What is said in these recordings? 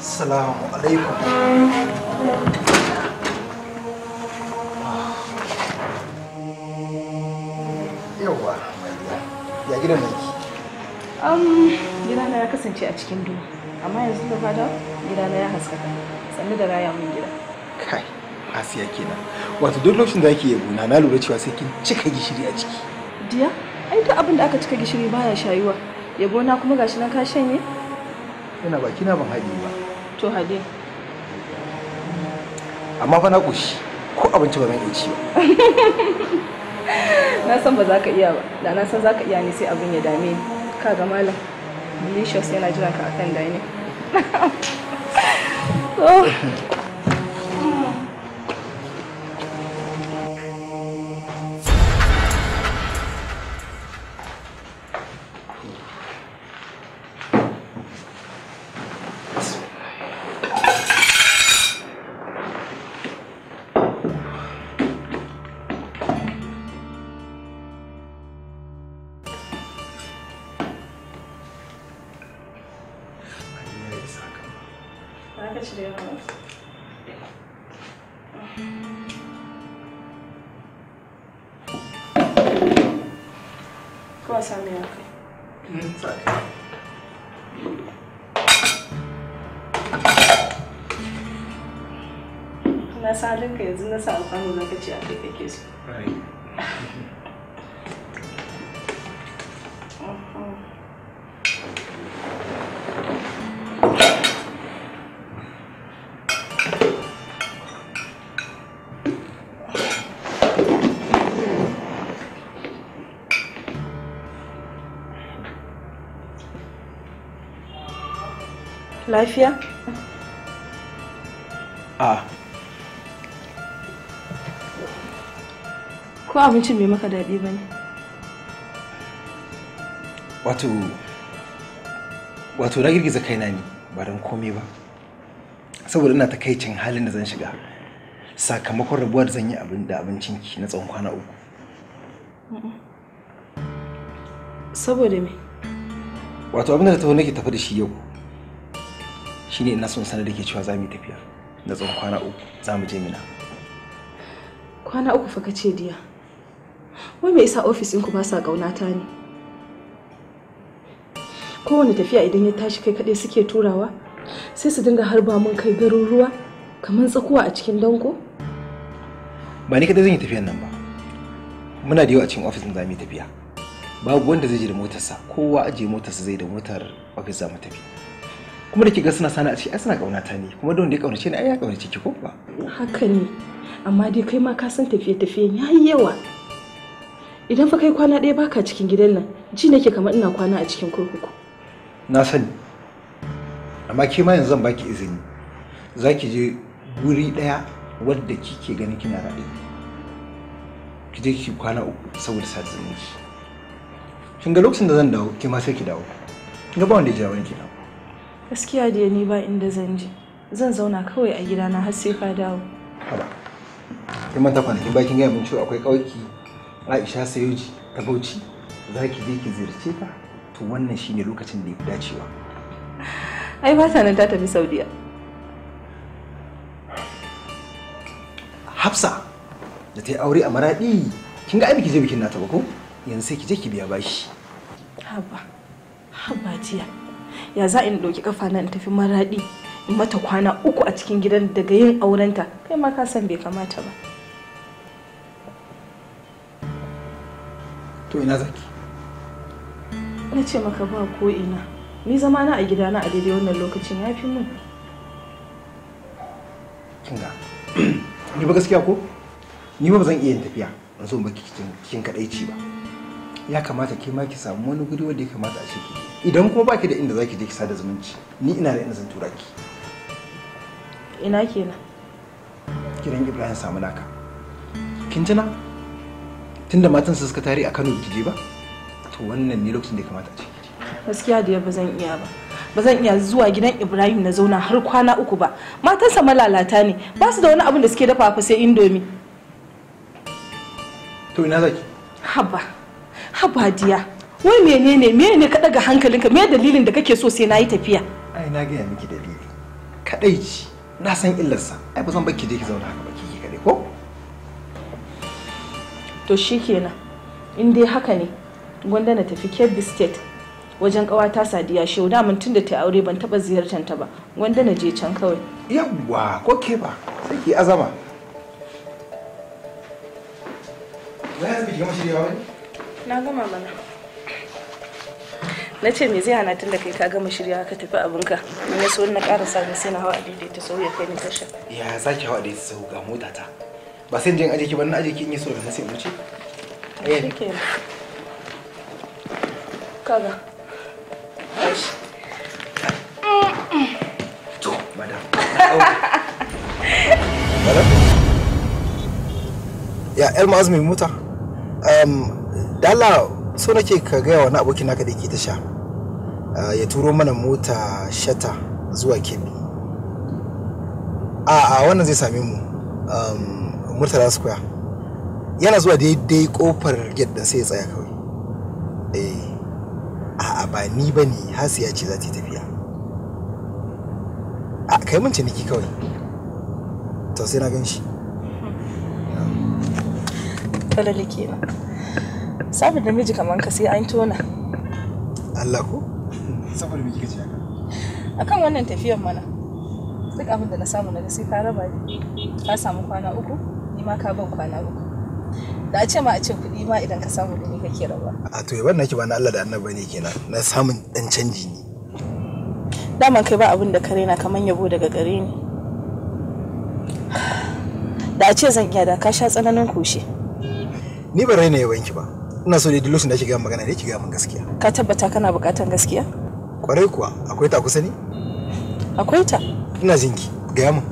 Assalamu alaikum. Yawwa, ya gidan naki? Um, gidana ya kasance a cikin duhu, amma yanzu da fata gidana ya haskaka. Sannu da raya mun gida. Kai, Asiya kenan. Wato duk lokacin da kike gona na lura cewa sai kin cika gishiri a ciki. Diya, ai duk abin da aka cika gishiri baya shayuwa. yabo na kuma gashi nan ka shanye ina ba kina ban haɗe ba to haɗe amma fa na ƙoshi ko abinci ba zan iya ci ba na san ba za ka iya ba da na san za ka iya ne sai abin ya dame ni ka ga malam delicious yana jiran ka akan dining oh. ka yanzu na samu kwano na kaci a kai kake su. Lafiya? Ah, ko abincin bai maka daɗi ba ne wato wato na girgiza kaina ne ba don komai ba saboda ina takaicin halin da zan shiga sakamakon rabuwa da zan yi abin da abincin ki na tsawon kwana uku saboda me wato abin da ta nake tafi da shi yau shine ina son sanar da ke cewa za mu yi tafiya na tsawon kwana uku za mu je mina kwana uku fa ka ce diya wai me yasa ofis ɗinku ba sa ƙaunata ne kowane tafiya idan ya tashi kai kaɗai suke turawa sai su dinga harba mun kai garuruwa kamar tsakuwa a cikin danko ba ni kaɗai zan yi tafiyan nan ba muna da yau a cikin ofis ɗin za mu yi tafiya babu wanda zai je da motarsa kowa aje motarsa zai da motar ofis za mu tafi kuma da ke ga suna sani a ciki ai suna ƙaunata ne kuma da wanda ya ƙaunace ni ai ya ƙaunace ki ko ba haka ne amma dai kai ma ka san tafiye-tafiyen yayi yawa idan fa kai kwana ɗaya baka cikin gidan nan ji nake kamar ina kwana a cikin kurkuku na sani amma ke ma yanzu zan baki izini za ki je guri ɗaya wadda kike ganin kina raɗe ki je ki kwana uku saboda sa zumunci kin ga lokacin da zan dawo ke ma sai ki dawo kin ga ba wanda ya jawo ki dawo gaskiya da ni ba inda zan je zan zauna kawai a gidana har sai ka dawo haba kin manta kwanakin bakin gaya mun ciwo akwai kauki aisha sayoji ta bauchi za ki je ki ziyarce ta to wannan shine lokacin da ya fi dacewa ai ba ta nan ta tafi saudiya hafsa da ta yi aure a maraɗi kin ga ai je bikin nata ba ko yanzu sai ki je ki biya bashi haba haba jiya ya za in ɗauki kafa na in tafi maraɗi in mata kwana uku a cikin gidan daga yin aurenta kai ma ka san bai kamata ba to ina zaki na ce maka ba ko ina ni zama na a gidana a daidai wannan lokacin ya fi mun kinga ni ba gaskiya ko ni ba zan iya yin tafiya in so baki cikin kadaici ba ya kamata ke ma ki samu wani guri wanda ya kamata a ciki idan kuma baki da inda zaki je ki sada zumunci ni ina da inda zan tura ki ina kenan kiran Ibrahim samu naka kin ji na tunda matan su suka tare a Kano biki ba to wannan ne lokacin da ya kamata a ce gaskiya da ba zan iya ba ba zan iya zuwa gidan Ibrahim na zauna har kwana uku ba matansa malalata ne ba su da wani abin da suke dafa fa sai indomi to ina zaki haba haba diya wai menene menene ka daga hankalinka me dalilin da kake so sai nayi tafiya ai na ga miki dalili kadai na san illarsa ai ba zan bar ki je ki zauna to shi kenan in dai haka ne gwanda na tafi kebbi state wajen ƙawata sadiya shehu da mun da ta aure ban taɓa ziyartar ta ba gwanda na je can kawai yawwa ko ke ba sai ki azama na gama mana na ce me zai hana tun da kai ka gama shirya ka tafi abinka in ya so na karasa ne sai na hawa daidaita sau ya kai ni tasha ya za ki hawa daidaita sau ga motata ba sai jin aje ki ba na aje ki in yi so da sai wuce eh. kaga to madam madam ya el ma'az mai mota um, dala so nake ka gaya wani abokin naka da ke ta sha ah, ya turo mana mota shata zuwa kebbi a ah, a ah, wannan zai same mu um, murtala square yana zuwa daidai kofar yadda sai ya tsaya kawai eh a ba ni ba ne ya ce za ta tafiya a kai mun ciniki kawai to sai na gan shi talali kenan sabi da miji kamar ka sai an tona Allah ko saboda miji kace haka akan wannan tafiyar mana duk abin da na samu na sai ka raba ka samu kwana uku kuɗi ma ka ban kwana uku da a ce ma a ce kuɗi ma idan ka samu kuɗi kake rawa a to yaban nake ba na Allah da annabi ne kenan na samun dan canji ne daman kai ba abin da kare na kaman yabo daga gare ni da a ce zan iya da ka sha tsananin kushe ni ba raina yabon ki ba ina so da duk lokacin da ake ga magana ne ki ga gaskiya ka tabbata kana bukatan gaskiya kwarai kuwa akwai ta kusa ne akwai ta ina jinki gaya min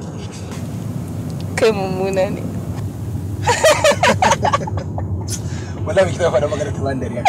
kai mummuna ne wallahi ki ta faɗa magana ta ban dariya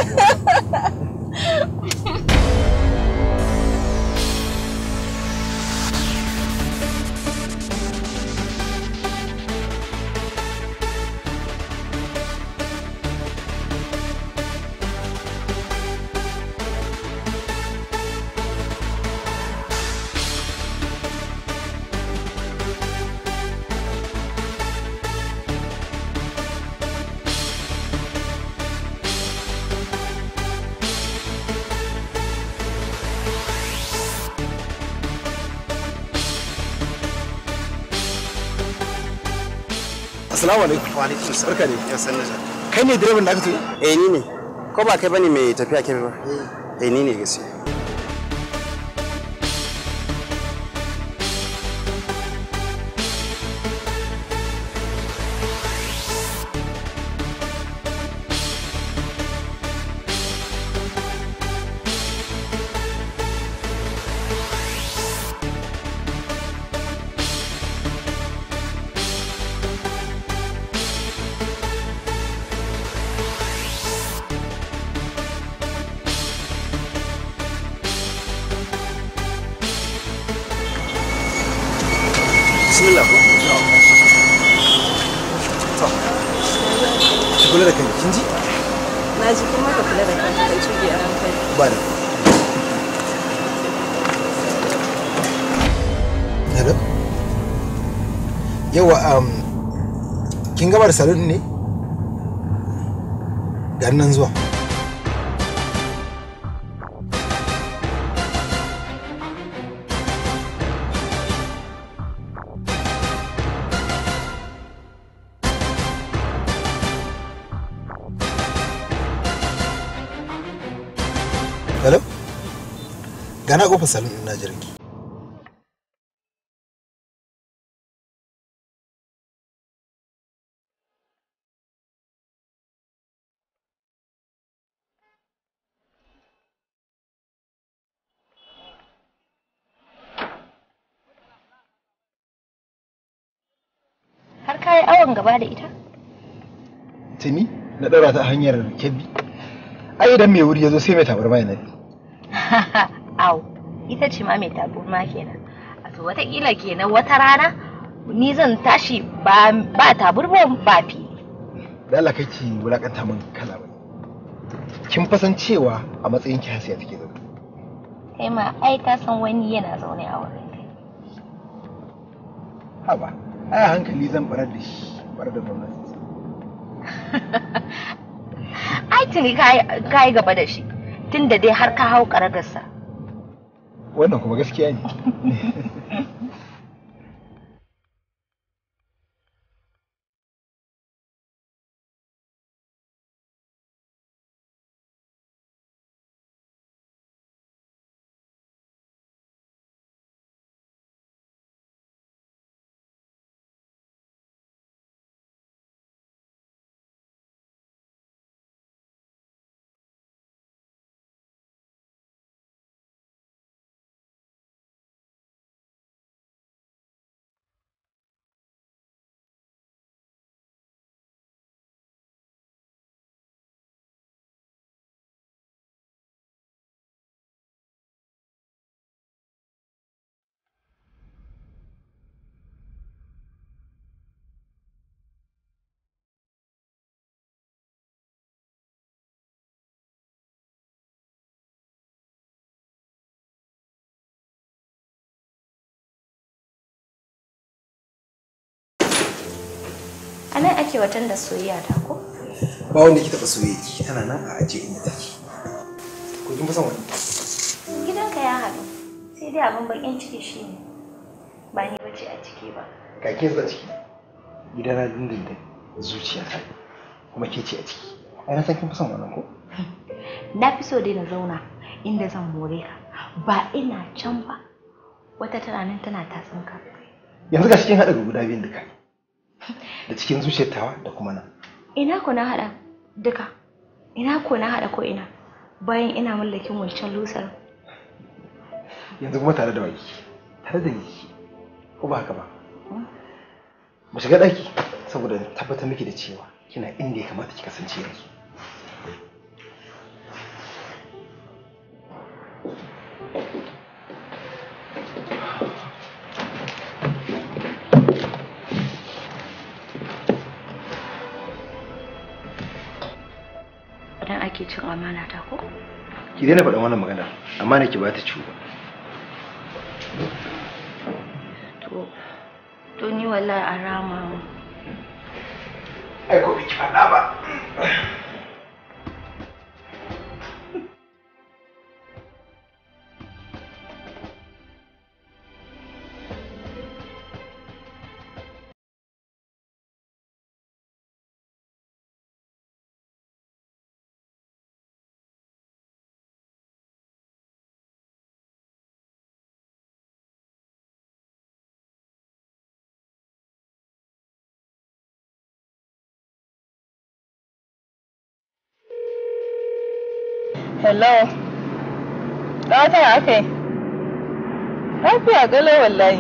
Assalamu alaikum. Wa alaikum salam. Barka Ya Kai ne Eh ni ne. Ko ba kai bane mai tafiya kai ba? Eh. eh ni ne gaskiya. da salon ne ga nan zuwa Hello? Gana kofar salon na jirgi. ka yi awon gaba da ita? Tuni na ɗaura ta hanyar kebbi. Ai idan mai wuri ya zo sai mai tabarma ya naɗi. Au, ita ce ma mai tabarma kenan. A to wataƙila kenan wata rana ni zan tashi ba taburman ba fi. Da Allah ki wulaƙanta min kala ba. Kin fasan cewa a matsayin ki hasiya take zaune. Kai ma ai ka san wani yana zaune a wurin kai. Haba. ai hankali zan barar da shi barar da gwamnati ai tuni ka yi gaba da shi tun da dai har ka hau ƙararsa wannan kuma gaskiya ne nan ake watan da soyayya ta ko? Ba wanda ke taɓa soyayya ki tana nan a ajiye inda take. Ko kin san wani? Gidanka ya haɗu. Sai dai abin bakin ciki shi ne. Ba ni bace a ciki ba. Ka ke za ciki? na dindindin zuciya ta kuma ke ce a ciki. Ai na san kin fi son wannan ko? Na fi so dai na zauna inda zan more ka. Ba ina can ba. Wata tana nan tana tatsinka. Yanzu ga cikin haɗa guda biyun duka. da cikin zuciyar da kuma nan ina ko na haɗa duka ina ko na haɗa ko ina bayan ina mallakin wancan lusar yanzu kuma tare da wai tare da ni, ko ba haka ba mu shiga daki, saboda tabbatar miki da cewa kina inda ya kamata ki kasance yanzu cin amana ta ko ki daina faɗan wannan magana amana ki ba ta ciwo to to ni wallahi a rama ai ko ki faɗa ba Hello. Ɗata aka yi. Lafiya galo wallahi.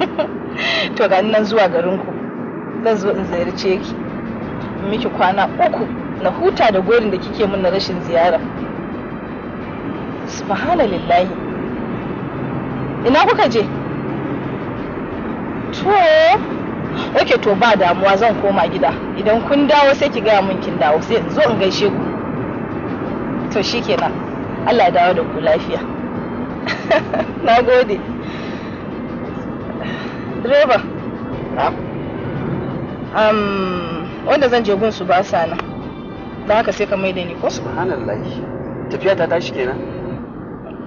to ga nan zuwa garinku. Zan zo in ziyarce ki. Miki kwana uku na huta da gorin da kike min na rashin ziyara. Subhana lillahi. Ina kuka je? To, ok to ba damuwa zan koma gida idan kun dawo sai ki gaya min kin dawo sai in zo in gaishe ku to shikenan Allah ya dawo da ku lafiya na gode direba um, wanda zan je gun su ba sa nan da haka sai ka maida ni ko subhanallah tafiya ta tashi kenan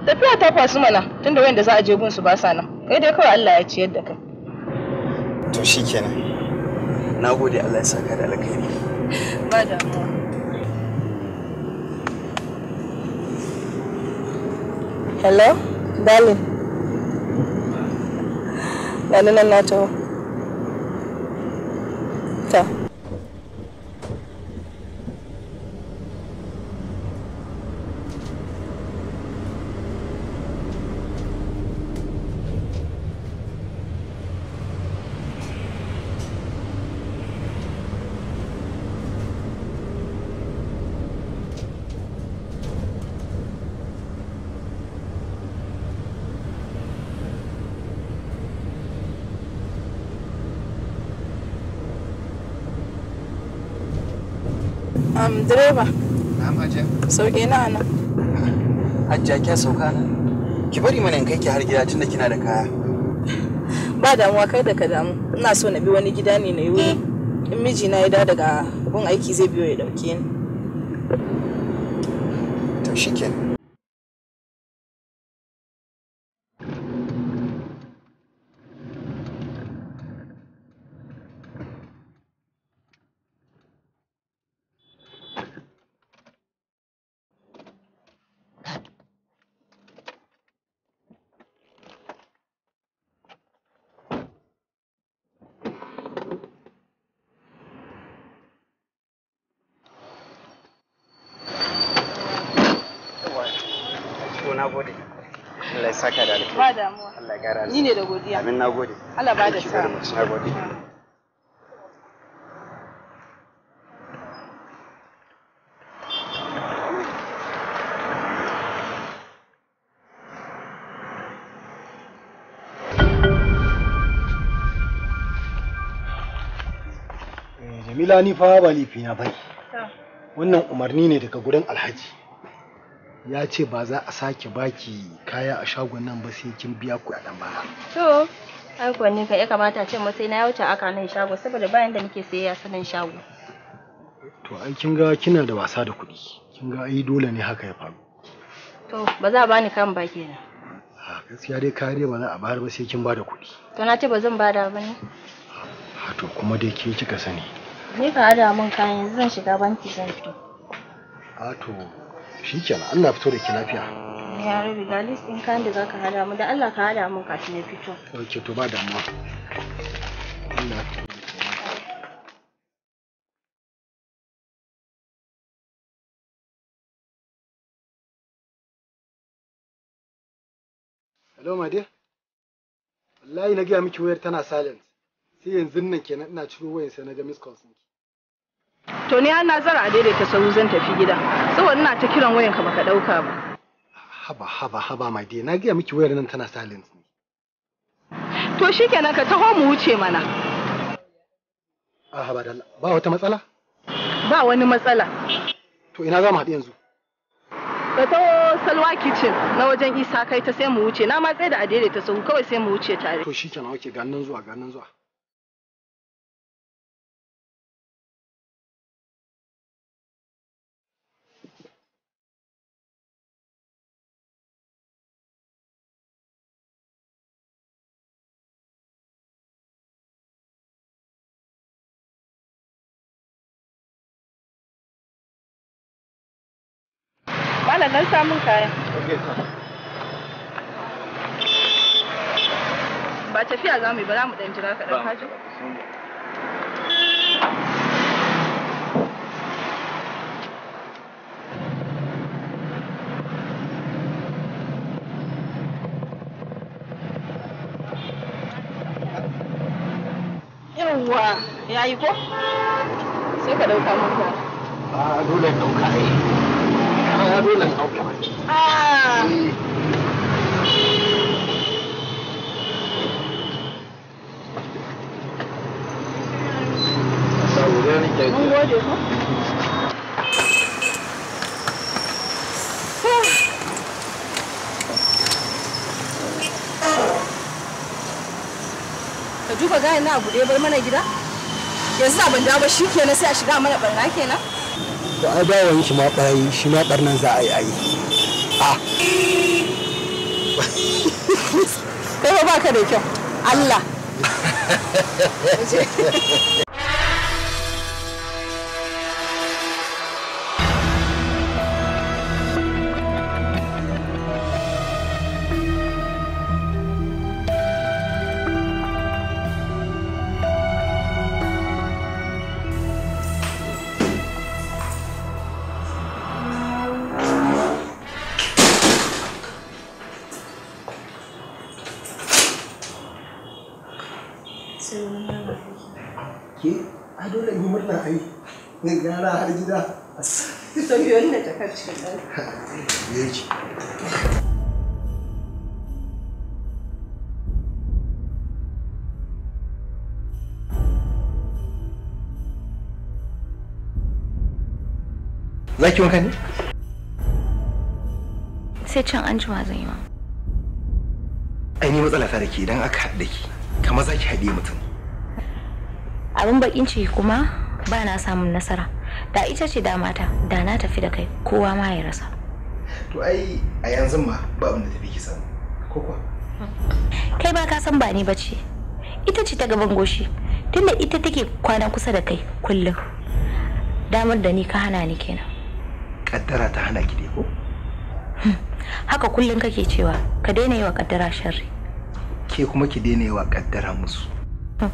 tafiya ta kwasu mana tunda wanda za a je gun su ba sa nan kai dai kawai Allah ya ciyar da kai to shikenan na gode Allah ya saka da alkhairi ba damuwa Hello, darling. Nanena nato. sauke na nan hajja kya sauka na ki bari mana in kai ki har gida tunda kina da kaya ba damuwa kai da ka damu ina so na bi wani gida ne na yi wuri in miji na ya da daga gun aiki zai biyo ya dauke ni to shikenan na gode Allah ya saka da alkhairi ba damuwa Allah ya gara ni ne da godiya amin na gode Allah ba da sa na gode Jamila ni fa ba laifi na bane. Wannan umarni ne daga gurin Alhaji. ya ce ba za a sake baki kaya a shagon nan ba sai kin biya kuɗaɗen ba. To, ai kuwa ka ya kamata ce sai na wuce aka nan shago saboda bayan da nake sayayya sanin shago. To ai kin ga kina da wasa da kuɗi. Kin ga ai dole ne haka ya faru. To, ba za a bani kan ba kenan. A gaskiya dai kare ba za a bayar ba sai kin bada kuɗi. To na ce ba zan bada ba ne. A to kuma dai ke kika sani. Ni ka ada mun kayan zan shiga banki zan fito. A to shi kenan Allah fito da ki lafiya ya rabi ga list din kan da zaka hada mu da Allah ka hada mun kafin ya fito ok to ba damuwa Allah Hello my dear wallahi na gaya miki wayar tana silent sai yanzu nan kenan ina ciro wayar sai na ga miss calls To ni an nazara a daidaita zan tafi gida. Saboda ina ta kiran wayan ka baka dauka ba. Haba haba haba my dear na gaya miki wayar nan tana silent ne. To shikenan ka taho mu wuce mana. haba dalla ba wata matsala? Ba wani matsala. To ina za mu haɗu yanzu? Ka taho Salwa kitchen na wajen Isa kai ta sai mu wuce. Na matsayi da a daidaita sahu kawai sai mu wuce tare. To shikenan okay ga nan zuwa ga nan zuwa. malam dan samun kaya ba tafiya za mu yi ba za mu dan jira kaɗan haji yawwa ya yi ko sai ka ɗauka maka a ah, dole ɗauka yi eh. Ka duba gane na a ɗaya bar mana gida? Yanzu da ban dawo ba shi kenan sai a shiga mana barna kenan? to ai bawon shi ma bayi shi ma barnan za a yi ai a kai ba ka da kyau Allah Son Za ki wanka ne? Sai can an zan yi ma. Ai ni matsala ta da ke idan aka haɗa ke, kamar za ki haɗe mutum. Abin baƙin ciki kuma ba na samun nasara. da ita ce da mata da na tafi da kai kowa ma ya rasa to ai a yanzu ma ba abin da tafi ki samu ko kai ba ka san ba ni bace ita ce ta gaban goshi tunda ita take kwana kusa da kai kullum damar da ni ka hana ni kenan kaddara ta hana ki dai ko hmm, haka kullum kake cewa ka daina yi wa kaddara sharri ke kuma ki daina yi wa kaddara musu Hmm.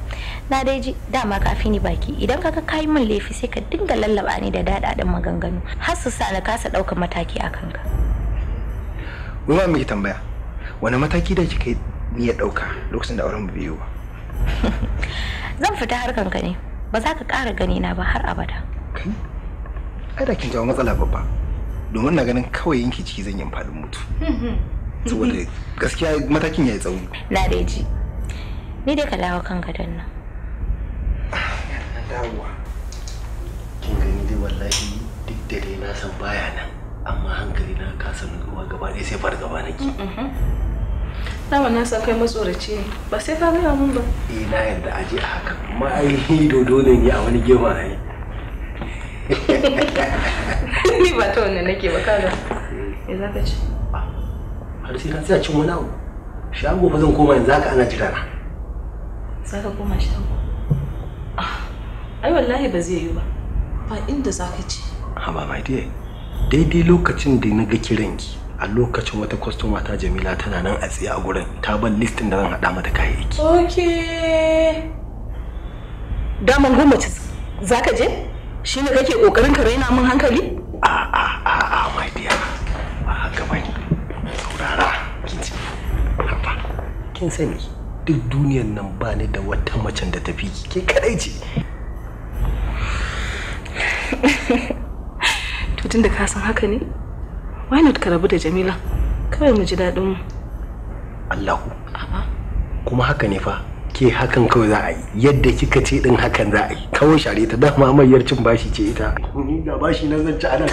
na dai ji dama kafi ni baki idan ka kayi min laifi sai ka dinga lallaba ni da daɗaɗin maganganu har su sa na kasa dauka mataki a kanka mu yi tambaya wani mataki da kika ni ya dauka lokacin da auren mu yiwu ba zan fita har ka ne ba za ka ƙara gani na ba har abada ai da kin jawo matsala babba domin na ganin kawai yanke ciki zan yi faɗin mutu saboda gaskiya matakin ya yi tsauni na dai ji ni dai ka dawo kan gadon nan na dawowa kin gani dai wallahi duk da dai na san baya nan amma hankali na kasa nutsuwa gaba ɗaya sai fargaba nake mm-hmm. dama na san kai matsoraci ne ba sai ka gaya mun ba eh na yarda a je a haka amma ai dodo ne ni a wani gema ai ni ba ta wannan nake ba kaga me za ka ci har sai na tsaya cin wani abu shago ba zan koma yanzu haka ana jira na za ka koma shago ai wallahi ba zai yi ba ba inda za ka ce mai my dear daidai lokacin da na ga kiranki a lokacin wata kwastoma ta jamila tana nan a tsaye a gurin ta ban listin da zan haɗa mata kayayyaki ok daman gwamnati za ka je shi ne kake ƙoƙarin ka raina min hankali a a a a my dear ba haka bane saurara kin sani duk duniyan nan ba ni da wata macen da tafi ke kadai ce to tunda ka san haka ne why not ka rabu da jamila kawai mu ji daɗin allahu kuma haka ne fa ke hakan kawai za a yi yadda kika ce din hakan za a yi kawai share ta dama mayar cin bashi ce ita ni ga bashi nan zan ci anan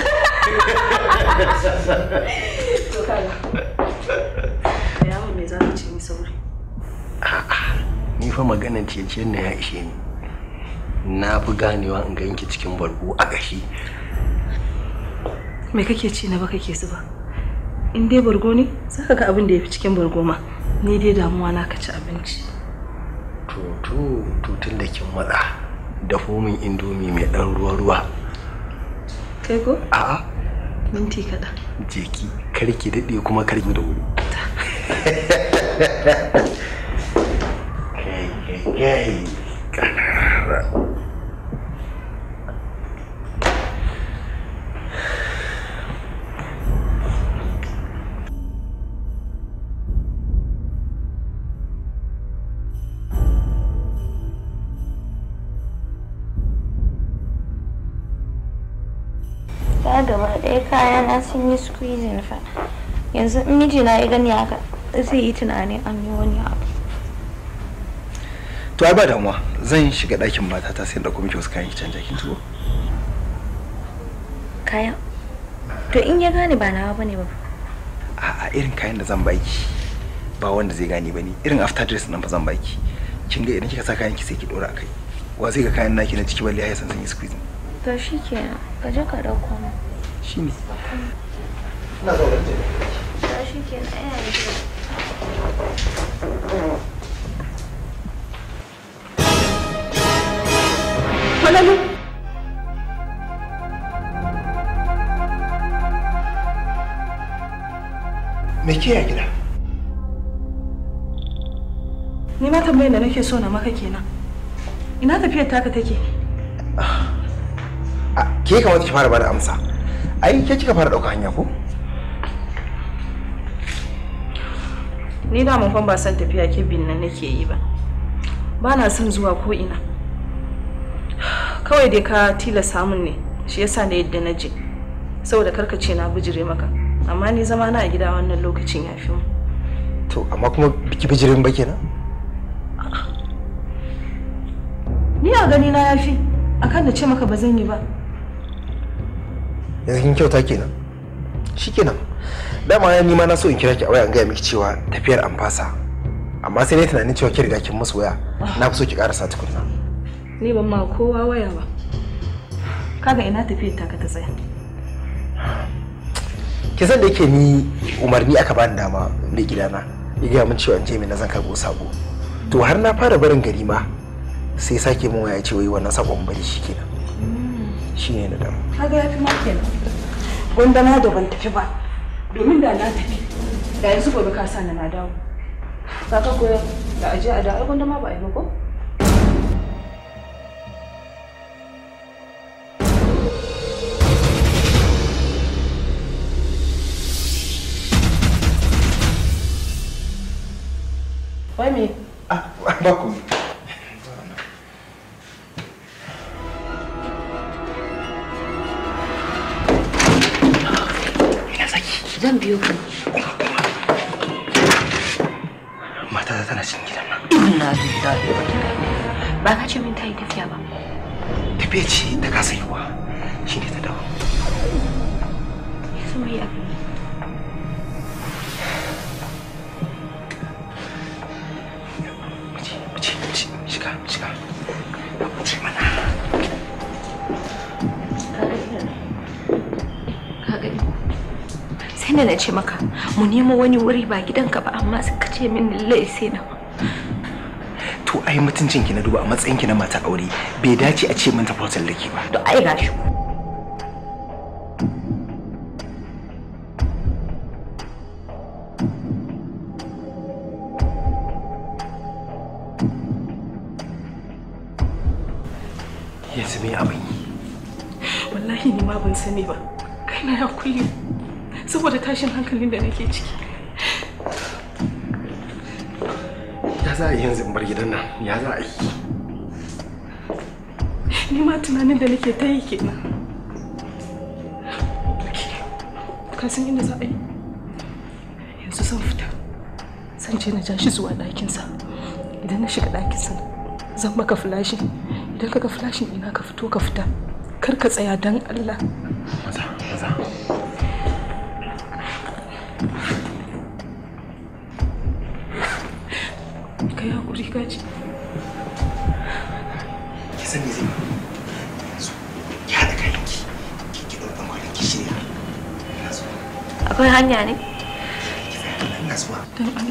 a'a ni fa maganan ciyaciyar na ya ishe ni na fi ganewa in ganki cikin bargo a gashi me kake ci na ba kake su ba in dai bargo ne za ka ga abin da ya fi cikin bargo ma ni dai damuwa na ka ci abinci to to to tun da kin matsa da fomin indomi mai dan ruwa ruwa kai ko a'a minti kaɗan Jeki, karki daɗe kuma karki da wuri yayi gaba ɗaya na sun yi squeezing fa yanzu in mijina ya gani haka zai yi tunanin an yi wani abu to ai ba damuwa zan shiga ɗakin matata sai in ɗauko miki wasu kayan ki canja kin tuwo kaya to in ya gane ba nawa bane ba a'a irin kayan da zan baki ba wanda zai gane bane irin after dress nan fa zan baki kin ga idan kika sa kayan ki sai ki dora kai wa zai ga kayan naki na ciki balle ya san sun yi squeeze to shikenan ka je ka dauko mu shine ina zo da ke shikenan eh falalu me ke ya gida ni ma tambayar da nake so na maka kenan ina tafiyar taka take ah, ah, ke kamata ki fara bada amsa ai ke kika fara ɗauka hanya ko ni da mun fan ba san tafiya ke bin nan nake yi ba ba na son zuwa ko ina kawai dai ka tila mun ne shi yasa na yadda na je saboda karka ce na bijire maka amma ni zama na a gida wannan lokacin ya fi mu to amma kuma biki bijirin ba kenan ni a gani na ya fi akan da ce maka ba zan yi ba yanzu kin kyauta kenan shikenan dama ya nima na so in kira ki a waya gaya miki cewa tafiyar an fasa amma sai dai tunanin cewa ki riga kin musu waya na fi so ki karasa tukunna ni ban ma kowa waya ba kaga ina ta taka ta tsaya ki san da yake ni umarni aka bani dama mai gidana ya gaya min cewa in je na zan karɓo sako to har na fara barin gari ma sai sake mun waya ce wai wannan sakon bari shi kenan hmm. ne na dama kaga yafi ma kenan gonda na da ban tafi ba domin da na tafi da yanzu gobe ka sa na na dawo kaka koyo da aje a da ai gonda ma ba a yi ba ko wuri ba gidanka ba amma suka ce min lallai sai na to ai mutuncin ki na duba a matsayin ki na mata aure bai dace a ce min ta fautar laki ba to ai gashi yanzu me abin wallahi ni ma ban sani ba kaina ya kulle saboda tashin hankalin da nake ciki ya za a yi yanzu in bar gidan nan ya za a yi ni ma tunanin da nake ta yi kenan ka san inda za a yi yanzu zan fita san ce na ja shi zuwa ɗakinsa idan na shiga ɗakinsa zan maka flashin idan ka ga flashin ina ka fito ka fita kar ka tsaya don allah shiga ciki ki sani zai ki haɗa kayanki ki ki kwanan ki shirya akwai hanya ne don Allah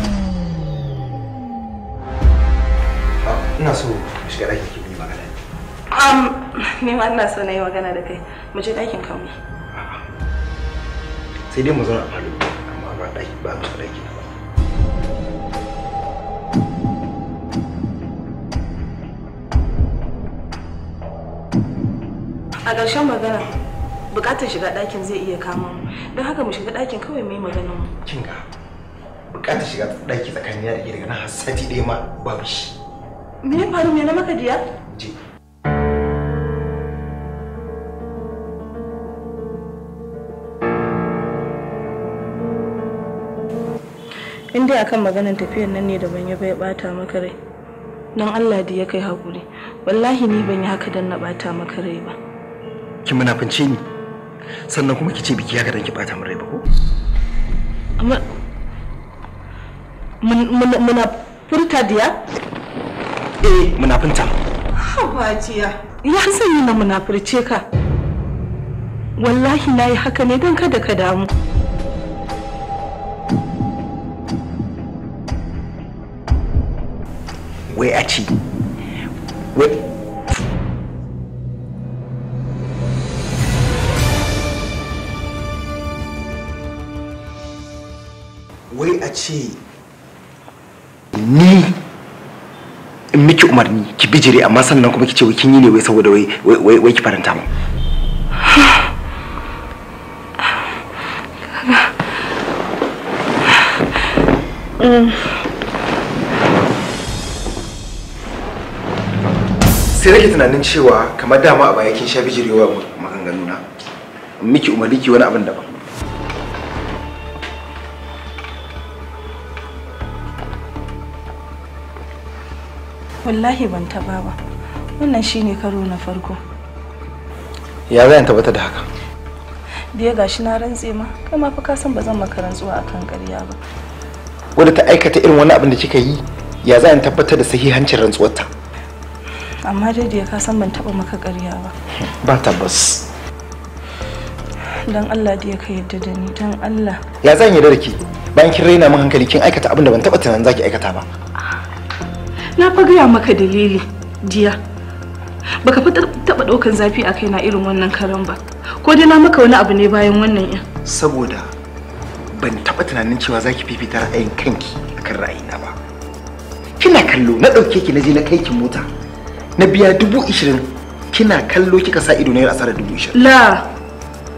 ah, ina so shiga ɗakin ki magana. Um, ni ma ina so na yi magana da kai. Mu je ɗakin kanmu. sai dai mu zauna a falo amma ba ɗaki ba mu ɗaki ba a ƙarshen magana buƙatar shiga ɗakin zai iya kama don haka mu shiga ɗakin kawai mai magana mu kinga buƙatar shiga ɗaki tsakanin ya da ke daga nan sati ɗaya ma babu shi me ya faru me na maka jiya je in dai akan maganar tafiyar nan ne da ban ya bata maka rai don Allah da ya kai hakuri wallahi ni ban yi haka dan na bata maka rai ba ki fince ni sannan kuma ki ce biki haka dan ki bata min rai ba ko amma muna furta diya eh munafinta hawa jiya ya yi na munafurce ka wallahi na yi haka ne don kada ka damu wai a ci wai a ce ni in miki umarni ki bijire amma sannan kuma ki ce kin yi ne wai saboda wai wai ki faranta mu Mm. sai nake tunanin cewa kamar dama a baya kin sha bijirewa maganganu na miki umarni ki wani abin daban wallahi ban taba ba wannan shine karo na farko ya zan tabbata da haka biye gashi na rantse ma kai ma fa ka san ba zan maka rantsuwa akan ƙarya ba wadda ta aikata irin wani abin da kika yi ya zan tabbatar da sahihancin rantsuwarta amma dai da ka san ban taba maka ƙarya ba ba tabbas dan Allah da ya ka yarda da ni dan Allah ya zan yarda da ke bayan kin raina min hankali kin aikata abin da ban taba tunanin zaki aikata ba na fa gaya maka dalili jiya baka fi taba daukan zafi a kaina irin wannan karan ba ko dai na maka wani abu ne bayan wannan yan saboda ban taba tunanin cewa zaki fifita ra'ayin kanki akan ra'ayina ba kina kallo na dauke ki na je na kai ki mota na biya dubu ishirin kina kallo kika sa ido na yin asarar dubu ishirin la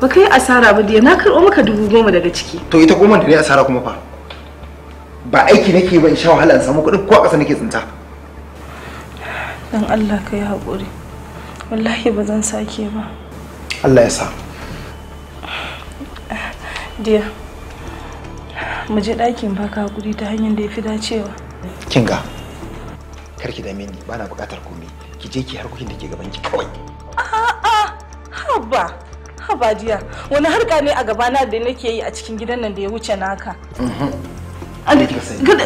ba kai asara ba na karɓo maka dubu goma daga ciki to ita goma da ne asara kuma fa ba aiki nake ba in sha wahala in samu kuɗin ko a ƙasa nake tsinta dan Allah ka yi haƙuri wallahi ba zan sake ba Allah ya sa Diya, mu je ɗakin baka hakuri ta hanyar da ya fi dacewa. Kinga, kar ki dame ni, ba na buƙatar komai. ki je ki harkokin da ke gaban ki kawai haba haba jiya wani harka ne a gabana da nake yi a cikin gidan nan da ya wuce naka mhm. an da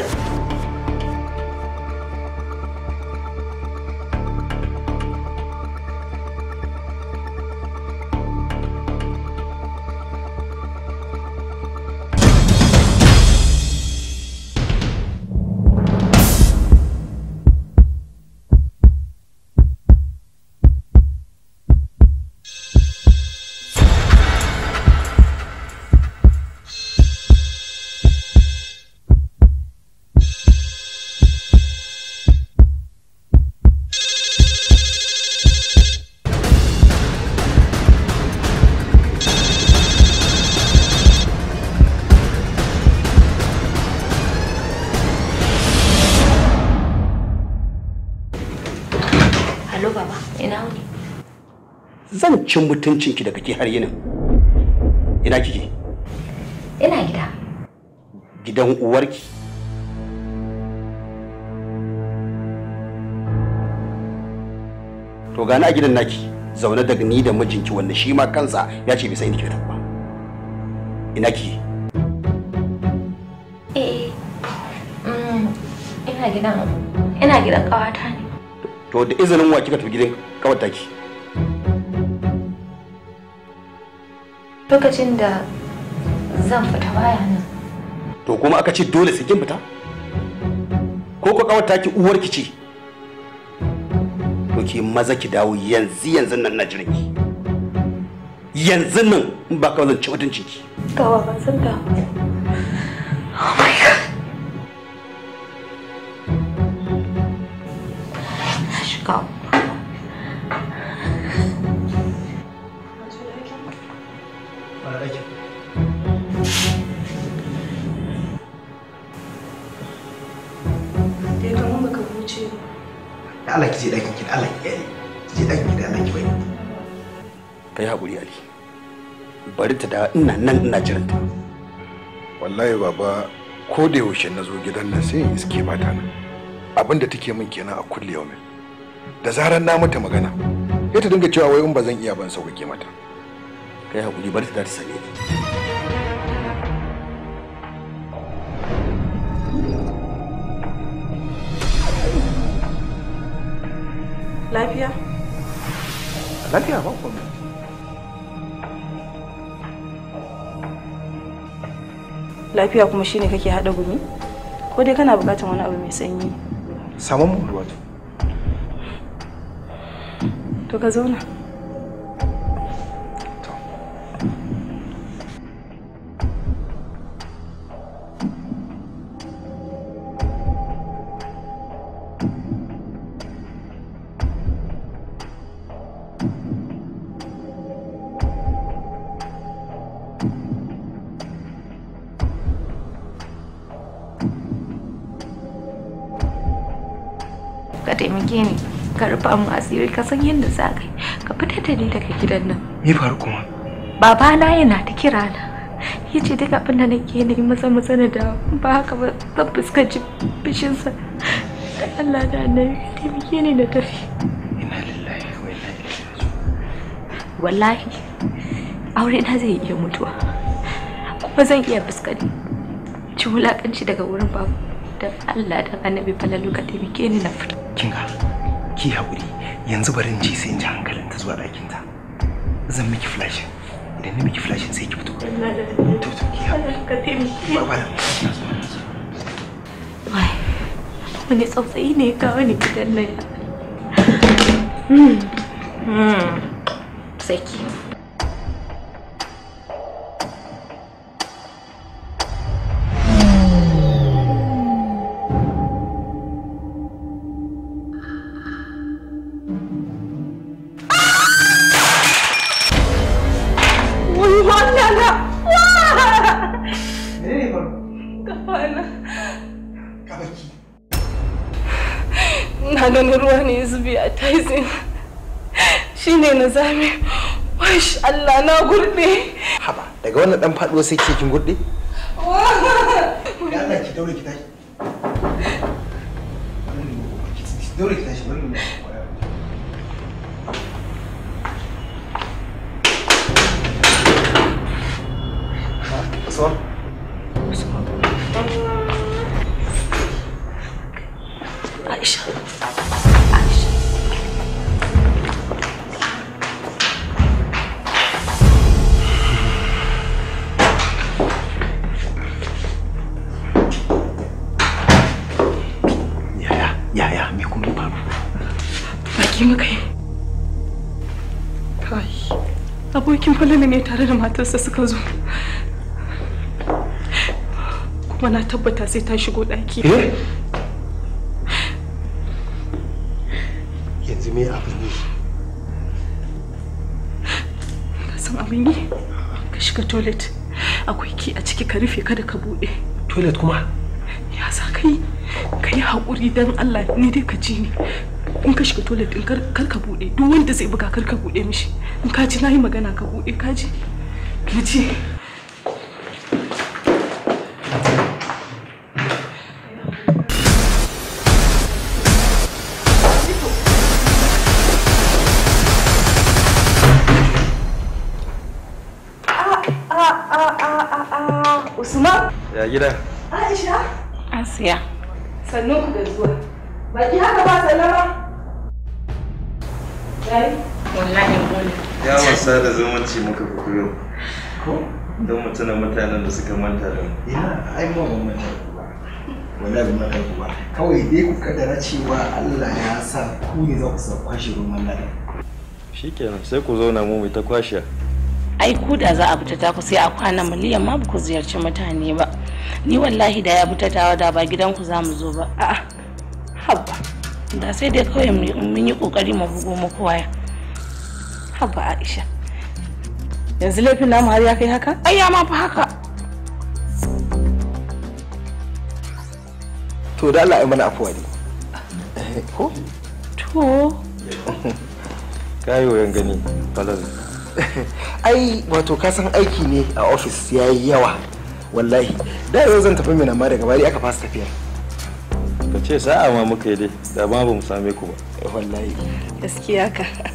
cin mutuncinki da ke har yinin ina kike ina gida gidan uwarki to gani a gidan naki zaune daga ni da mijinki wanda shi ma kansa ya ce bai san inda ba ina kike eh mm, ina gidan ina gidan kawata ne to da izinin wa kika tafi gidan kawata ki lokacin da zan fita baya nan to kuma aka ce dole sai kin fita ko ko kawar taki uwar ki ce ki maza ki dawo yanzu yanzu nan na jirgi. yanzu nan in ba ka zan ci mutuncin ki kawa ban san ka. oh my god Go. dawo ina nan ina jiran ta wallahi baba ko da yaushe na zo gidan nan sai in iske mata nan abin da take min kenan a kulle yau da zarar na mata magana sai ta dinga cewa wai in ba zan iya ban sauƙaƙe mata kai hakuri bari ta da lafiya lafiya ba komai lafiya kuma shine kake hada gumi ko dai kana bukatar wani abu mai sanyi samun mu to ka zauna taimake ne ka rufa mu asiri ka san yadda za ka ka fita da ni daga gidan nan me faru kuma baba na yana ta kira na yace duk abin da nake ne masa masa na da ba haka ba zan fuskanci bishin sa da Allah da annabi ka taimake ne na tafi ina lillahi wa inna ilaihi wallahi aure na zai iya mutuwa kuma zan iya fuskanci ci wulakanci daga wurin babu da Allah da annabi falalu ka taimake ni na fita kinga ki haƙuri yanzu bari in je sai in ji hankalin ta zuwa ɗakin ta zan miki flashin idan ni miki flashin sai ki fito to to ki haƙuri ba ba wai wani tsautsayi ne ka wani gidan nan hmm. Hmm. saki na ganin ruwa ne ya zube a taizin shi ne na zame wash Allah na gurɗe haba daga wannan dan faɗo sai ke kin gurɗe Allah ki daure kullum ne tare da matarsa suka zo kuma na tabbata sai ta shigo ɗaki eh? yanzu me abin yi ka san abin yi ka shiga toilet akwai ki a ciki ka rufe kada ka buɗe toilet kuma ya sa yi ka yi haƙuri don allah ni dai ka ji ni in ka shiga toilet din kar ka bude duk wanda zai buga kar ka bude mishi in ka ji nayi magana ka bude ka ji ka ji ah, ah, ah, Usman? Ya gida. Aisha? Asiya. Sannu ku da zuwa. Baki haka ba sallama? kai wallahi gole yawon sada zumunci muka fi koyo ko don mutuna mutanen da suka manta da mu ina ai mu mun manta wallahi mun manta ku ba kawai dai ku kaddara cewa Allah ya sa ku ne za ku sa kwashe ruwan ladan shikenan sai ku zauna mu mu ta kwashe ai ku da za a fita ta ku sai a kwana miliyan ma ba ku ziyarci mutane ba ni wallahi da ya fita tawa da ba gidan ku za mu zo ba a'a haba da sai dai kawai mun yi kokari mu bugo muku waya haba aisha yanzu laifin namu har ya kai haka ai ya ma fa haka to da Allah ai mana afuwa ne ko to kayo yan gani falal ai wato ka san aiki ne a ofis yayi yawa wallahi da yau zan tafi mina ma daga bari aka fasa tafiyar ce sa'a ma muka yi dai da ba mu same ku ba wallahi gaskiya ka a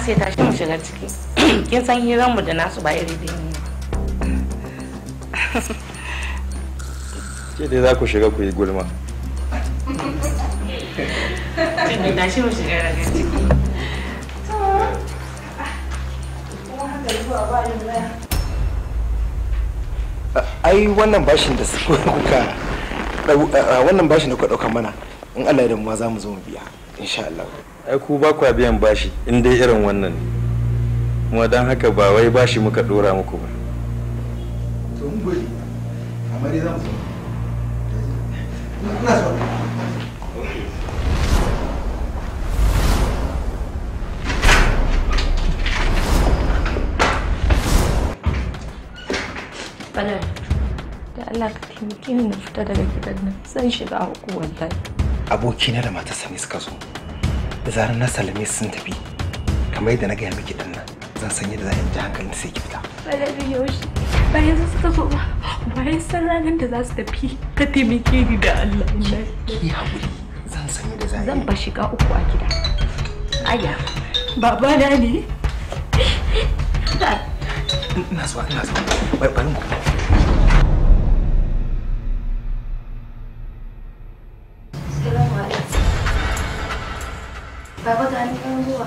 sai ta shi mu shiga ciki kin san hiran mu da nasu ba iri da ne ke dai za ku shiga ku yi gulma tashi mu shiga daga ciki ah, ai wannan bashin da kuka wannan bashin da kuka dauka mana in Allah ya da mu za mu zo mu biya insha Allah ai ku ba ku biyan bashi in dai irin wannan ne kuma dan haka ba wai bashi muka dora muku ba to mun gode mu zo ina da Allah ka taimake ni na fita daga gidan nan zan shiga uku aboki abokina da mata sani suka zo da zarar na salame sun tafi kamar yadda na gaya miki din nan zan san yadda za in ji hankalin sai ki fita balari yaushe bayan su suka zo ba bayan san ranar da za su tafi ka taimake ni da Allah ki haƙuri zan san yadda za zan ba shiga uku a gida aya baba na ne ina zuwa ina zuwa bari mu Baba ga ni nan zuwa.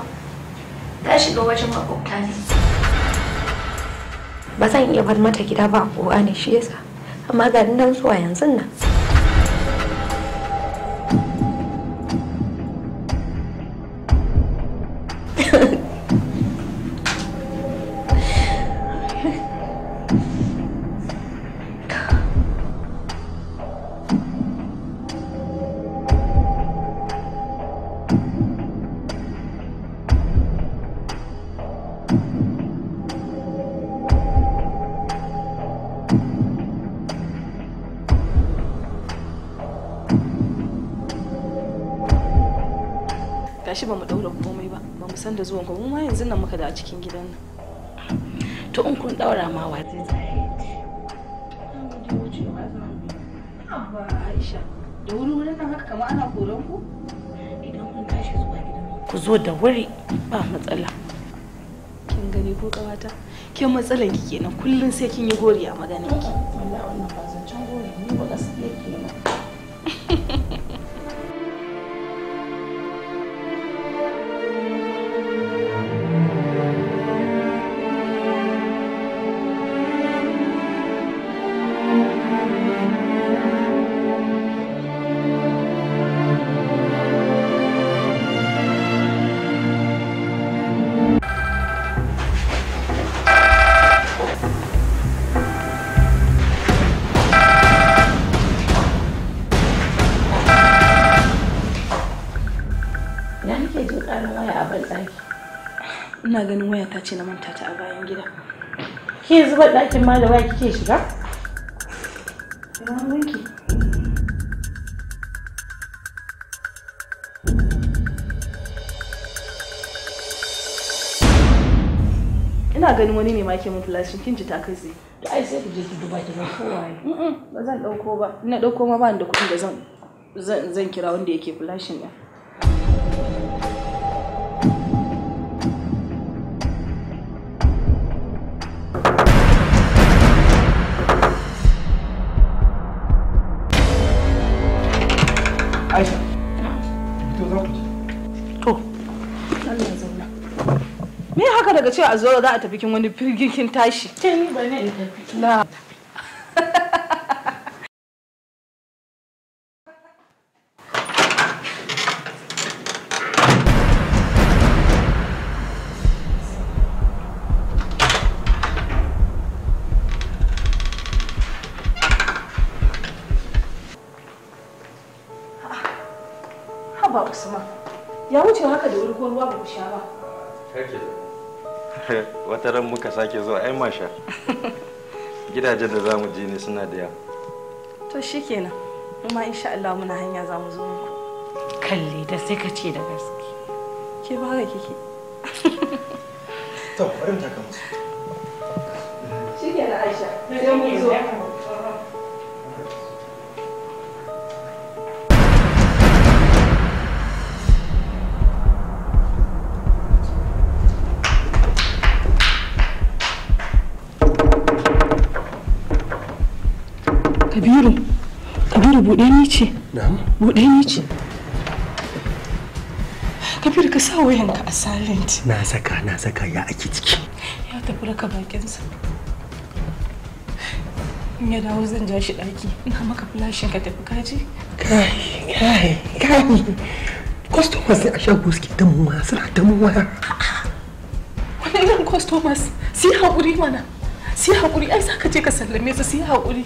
Ta shiga wajen makwabta ne. Ba zan iya bar mata gida ba ko ne shi yasa. Amma ga nan zuwa yanzu nan. zuwan ku mu ma yanzu nan muka da a cikin gidan nan to in kun daura ma wa zai zai da wuri wurin nan haka kamar ana koran ku idan kun tashi zuwa ku zo da wuri ba matsala kin gani ko kawata kin matsalan ki kenan kullun sai kin yi gori a maganar ki wallahi wannan ba ina ganin waya ta ce na manta ta a bayan gida ke zuba ɗakin ma da waya kike shiga ina wanki ina ganin wani ne ma ke mun flashin kin ji ta kai zai to ai sai ku je ku duba ki ga kowa ne ba zan dauko ba ina dauko ma ba ni da kuɗin da zan zan kira wanda yake flashin ɗin daga cewa a zo za a tafi kin wani firgikin tashi. Ke ni ba ne in tafi. wata ran muka sake zuwa ai masha gidajen da zamu je ne suna da yawa to shikenan kuma insha Allah muna hanya za mu zo muku kalle da sai ka ce da gaske ke ba ga kike to bari mu taka musu shikenan Aisha sai mu zo buɗe ni ce buɗe ni ce kafir ka sa wayanka a silent na saka na saka ya ake ciki ya tafi raka bakinsa in ya dawo zan ja shi ɗaki ina maka flashin ka tafi kaji kai kai kai customers sai a shago suke damuwa suna damuwa wani irin customers sai haƙuri mana sai haƙuri ai sa ka je ka sallame su sai haƙuri